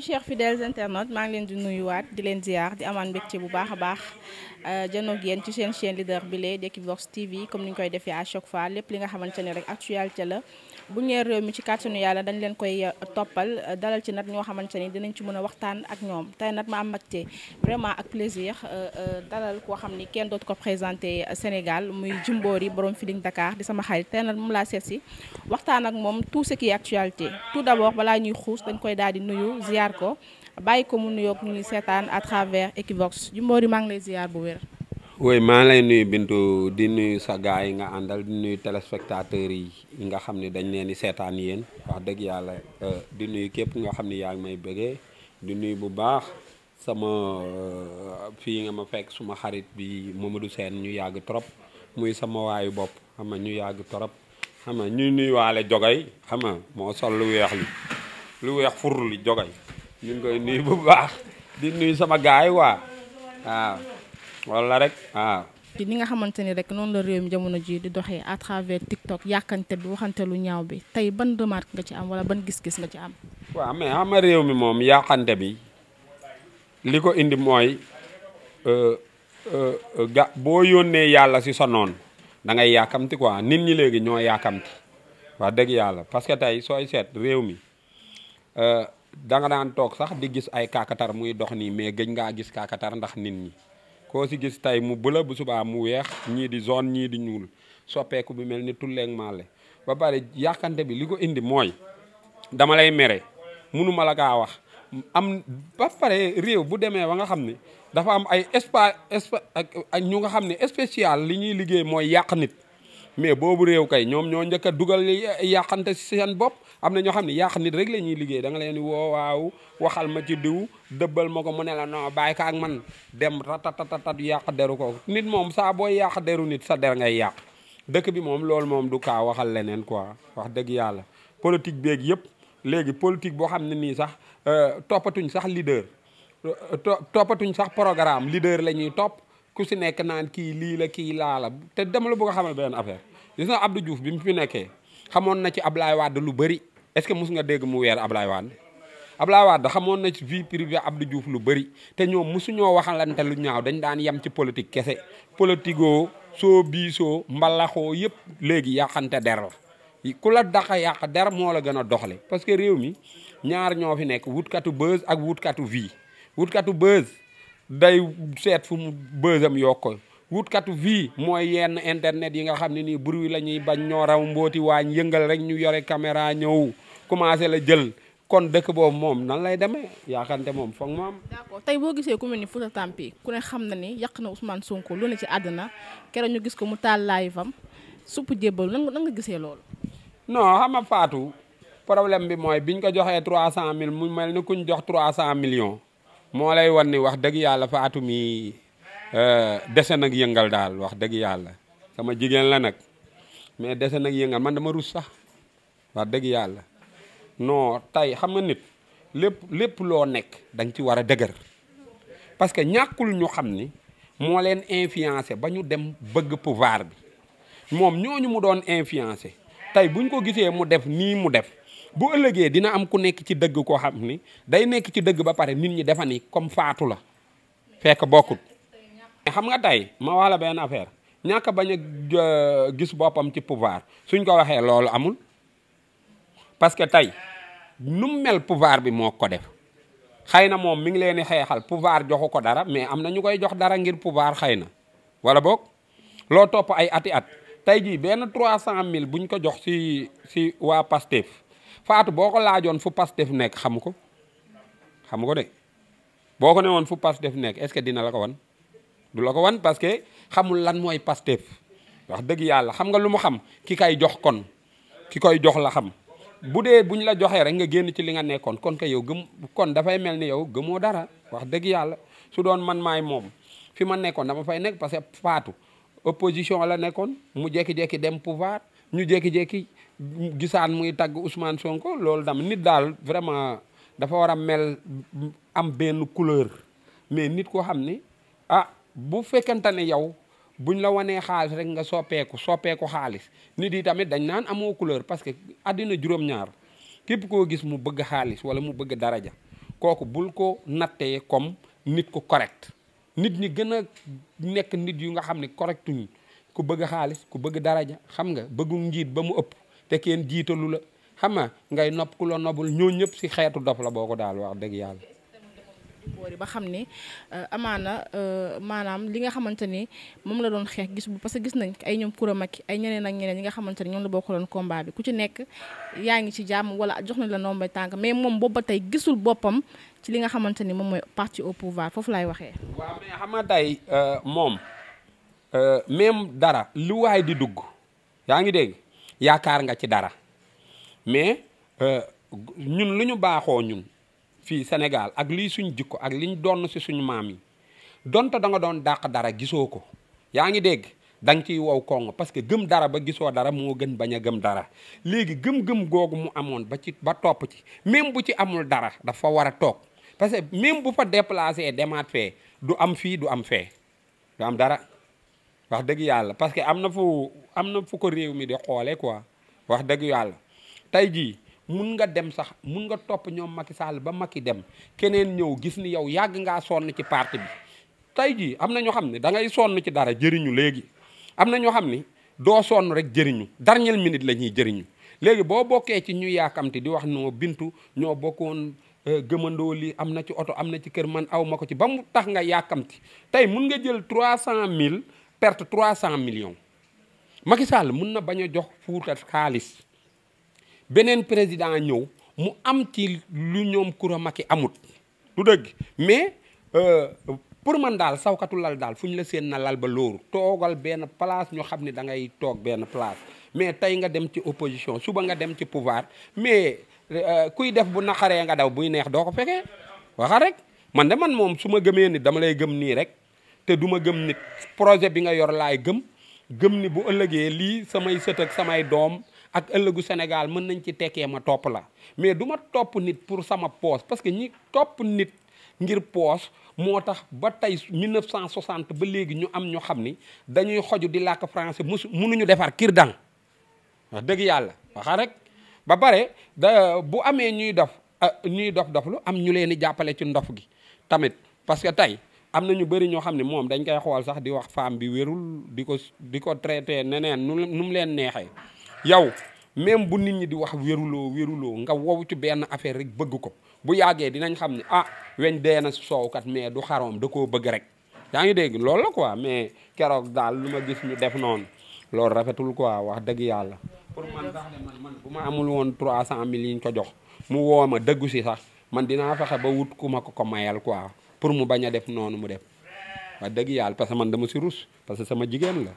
chers fidèles internautes maa ngi leen di nuyuwaat di leen diyaar di amaan mbégte bu baax a baax Euh, jëndoo ak yéen ci seen chaîne leader bi lee di Equivox TV comme ni ñu koy defee à chaque fois lépp li nga xamante ne rek actualité la bu ñeer réew mi ci kàttanu yàlla dañ leen koy euh, toppal euh, dalal ci nag ñoo xamante ni dinañ ci mën a waxtaan ak ñoom tey nag ma am mbégte vraiment ak plaisir dalal koo xam ni kenn dootu ko présenter Sénégal muy yi borom Feeling Dakar di sama xarit tey nag moom laa seet si waxtaan ak moom tout ce qui actualité tout d'abord balaa ñuy xuus dañ koy daal di nuyu ziar ko. bàyyi ko mu nuyoog ñu ngi seetaan à travers Equivox Jimbori maa ngi lay ziar bu wér. oui maa ngi lay nuyu Bintu di nuyu sa gars yi nga àndal di nuyu téléspectateurs yi nga xam ni dañ leen di seetaan yéen wax dëgg yàlla euh, di nuyu képp nga xam ne yaa ngi may bëggee di nuyu bu baax. sama euh, fii nga ma fekk suma xarit bi Mamadou seen ñu yàgg trop muy sama waayu bopp xam nga ñu yàgg trop xam nga ñu nuyuwaale jogay xam nga moo sol lu weex li lu weex fur li jogay ñu ngi koy nuyu bu baax di nuyu sama gaay waa waaw walla rek waaw. ci ni nga xamante ni rek noonu la réew mi jamono ji di doxee à travers TikTok yàkkante bi waxante lu ñaaw bi tey ban remarque nga ci am walla ban gis-gis nga ci am. waaw mais ama réew mi moom yàqante bi li ko indi mooy euh, euh, ga boo yónnee yàlla si sa noon da ngay yàkkamti quoi nit ñi léegi ñoo yàkkamti wax dëgg yàlla parce que tey sooy set réew mi. Euh, danga daan toog sax di gis ay kakatar muy dox nii mais gëj ngaa gis kakatar ndax nit ñi koo si gis tey mu bëla bu subaa mu weex ñii di zone ñii di ñuul soppeeku bi mel ni tulleeg maale ba pare yàqante bi li ko indi mooy dama lay mere mënuma la kaa wax am ba pare réew bu demee ba nga xam ni dafa am ay espace ak ñu nga xam ne spécial li ñuy liggéey mooy yàq nit mais boobu réew kay ñoom ñoo njëkk a dugal yàqante si seen bopp am na ñoo xam ne yàq nit rek la liggéey da nga leen woo waaw waxal ma ci diw dëbbal ma ko mu ne la non bàyyi ko ak man dem ratatatatat yàq deru ko nit moom saa booy yàq deru nit sa der ngay yàq dëkk bi moom loolu moom du kaa waxal leneen quoi wax dëgg yàlla politique beeg yëpp léegi politique boo xam ne nii sax euh, toppatuñ sax leader euh, toppatuñ sax programme leader la ñuy topp ku si nekk naan kii lii la kii laa la te dama la bëgg a xamal benn affaire gis nga Abdou Diouf bi mu fi nekkee xamoon na ci Ablaye Wade lu bëri est-ce que mus nga dégg mu weer Ablaye Wade Ablaye Wade xamoon na ci vie privée Abdou juuf lu bëri te ñoom mosuñoo waxalante lu ñaaw dañ daan yem ci politique kese politikoo soo biisoo mbalaxoo yëpp léegi yàqante der la ku la daqa yàq der moo la gën a doxle parce que réew mi ñaar ñoo fi nekk wutkatu buzz ak wutkatu vie wutkatu buzz day seet fu mu bësam yokko wutkatu vie mooy yenn internet yi nga xam ne nii bruit la ñuy bañ ñoo raw mbooti waañ yëngal rek ñu yore caméra ñëw commencé la jël kon dëkk boobu moom nan lay demee yaakante moom foog mu tey boo gisee ku mel ni Fouta Tampi ku ne xam na ni yàq na Ousmane Sonko lu ne ci àddina keroog ñu gis ko mu taal live am supp jébbalu nan nga gisee loolu. non xam nga Fatou problème bi mooy ñu ko joxee trois cent mille mu mel ni kuñ jox trois cent millions. moo lay wan ni wax dëgg yàlla Fatou mi euh, dese nag yëngal daal wax dëgg yàlla sama jigéen la nag mais dese nag yëngal man dama rus sax wax dëgg yàlla non tey xam nga nit lépp lépp loo nekk dañ ci war a dëgër parce que ñàkkul ñu xam ni moo leen influencé ba ñu dem bëgg pouvoir bi moom ñooñu mu doon influencé tey buñ ko gisee mu def nii mu def bu ëllëgee dina am ku nekk ci dëgg ko xam ni day nekk ci dëgg ba pare nit ñi defa ni comme faatu la fekk bokkut. xam nga tey ma wax la benn affaire ñàkk bañ a euh, gis boppam ci pouvoir suñ ko waxee loolu amul parce que tey nu mu mel pouvoir bi moo ko def xëy na moom mi ngi leen di xeexal pouvoir joxu ko dara mais am na ñu koy jox dara ngir pouvoir xëy na wala boog loo topp ay ati at tey jii benn cent 300000 buñ ko jox ci si waa Pastef faatu boo ko laajoon fu Pastef nekk xamu ko xamu ko de boo ko ne woon fu Pastef nekk est-ce que dina la ko wan du la ko wan parce que xamul lan mooy Pastef wax dëgg yàlla xam nga lu mu xam ki kay jox kon ki koy jox la xam bu dee ñu la joxee rek nga génn ci li nga nekkoon kon ka yow gëm kon dafay mel ni yow gëmoo dara wax dëgg yàlla su doon man maay moom fi ma nekkoon dama fay nekk parce que faatu opposition la nekkoon mu jekki-jekki dem pouvoir ñu jékki-jékki gisaan muy tagg Ousmane ko loolu dam nit daal vraiment dafa war a mel am benn couleur mais nit koo xam ni ah bu fekkente ne yow buñ la wanee xaalis rek nga soppeeku soppeeku xaalis nit yi tamit dañ naan amoo couleur parce que àddina juróom-ñaar képp koo gis mu bëgg xaalis wala mu bëgg daraja kooku bul ko nattee comme nit ko correct nit ñi gën a nekk nit yu nga xam ne correctuñ ku bëgg xaalis ku bëgg daraja xam nga bëggum njiit ba mu ëpp te kenn jiitalu la xam nga ngay nopp ku la nobul ñoo ñëpp si xeetu dof la boo ko daal wax dëgg yàlla boori ba xam ne euh, amaana euh, maanaam li nga xamante ni moom la doon xeex gis bu parce que gis nañ ay ñoom Coura Macky ay ñeneen ak ñeneen ñi nga xamante ni ñoom la bokkaloon combat bi ku ci nekk yaa ngi ci jàmm wala jox na la nombre tànk mais moom boobu ba tey gisul boppam ci li nga xamante ni moom mooy parti au pouvoir foofu laay waxee. Euh, moom. Euh, même dara lu waay di dugg yaa ngi dégg yaakaar nga ci dara mais euh, ñun lu ñu baaxoo ñun fii Sénégal ak lii suñ jikko ak liñ donn si suñu maam yi dont da nga doon dàq dara gisoo ko yaa ngi dégg da ciy wow kongo parce que gëm dara ba gisoo dara moo gën bañ a gëm dara léegi gëm-gëm googu mu amoon ba ci ba topp ci même bu ci amul dara dafa war a toog parce que même bu fa déplacé demaat fee du am fii du am fee du am dara wax dëgg yàlla parce que am na fu am na fu ko réew mi di xoolee quoi wax dëgg yàlla tey jii mun nga dem sax mun nga topp ñoom Macky Sall ba Macky dem keneen ñëw gis ni yow yàgg ngaa sonn ci parti bi tey jii am na ñoo xam ne da ngay sonn ci dara jëriñu léegi am na ñoo xam ni doo sonn rek jëriñu dernière minute la ñuy jëriñu léegi boo bokkee ci ñu yaakamti di wax noo bintu ñoo bokkoon euh, gëmandoo li am na ci oto am na ci kër man aw ma ko ci ba mu tax nga yaakamti tey mun nga jël trois cent mille perte trois cent million Macky Sall mun na bañ a jox Fuuta xaalis beneen président ñëw mu am ci lu ñoom kura Macky amut du dëgg mais euh, pour man daal sawkatu lal daal fu ñu la seen na lal ba lóoru toogal benn place ñu xam ne da ngay toog benn place mais tey nga dem ci opposition suba nga dem ci pouvoir mais euh, kuy def bu naqaree nga daw buy neex doo ko fekkee waxa rek man de man moom su ma gëmee ni dama lay gëm nii rek te du ma gëm nit projet bi nga yor laay gëm gëm ni bu ëllëgee lii samay sët ak samay doom ak ëllëgu Sénégal mën nañ ci tekkee ma topp la mais du ma topp nit pour sama poos parce que ñi topp nit ngir poos moo tax ba tey 1960 ba léegi ñu am ñu xam ni dañuy xoju di làkk français musu mënuñu defar kir dang dëgg yàlla waxa rek ba bare da bu amee ñuy dof ah, ñuy dof lu am ñu leen di jàppale ci ndof gi tamit parce que tey am na ñu bëri ñoo xam ne moom dañ koy xool sax di wax femme bi wérul di ko di ko traité neneen nu nu mu leen neexee yow même bu nit ñi di wax wéruloo wéruloo nga wow ci benn affaire rek bëgg ko bu yàggee dinañ xam ne ah weñ dee na soowkat mais du xaroom da koo bëgg rek yaa ngi dégg lool la quoi mais keroog daal lu ma gis ñu def noonu loolu rafetul quoi wax dëgg yàlla pour man bu ma amul woon trois cent mille yi ko jox mu woo ma dëggu si sax man dinaa fexe ba wut ku ma ko ko quoi pour mu bañ a def noonu mu def wax dëgg yàlla parce que man dama si rus parce que sama jigéen la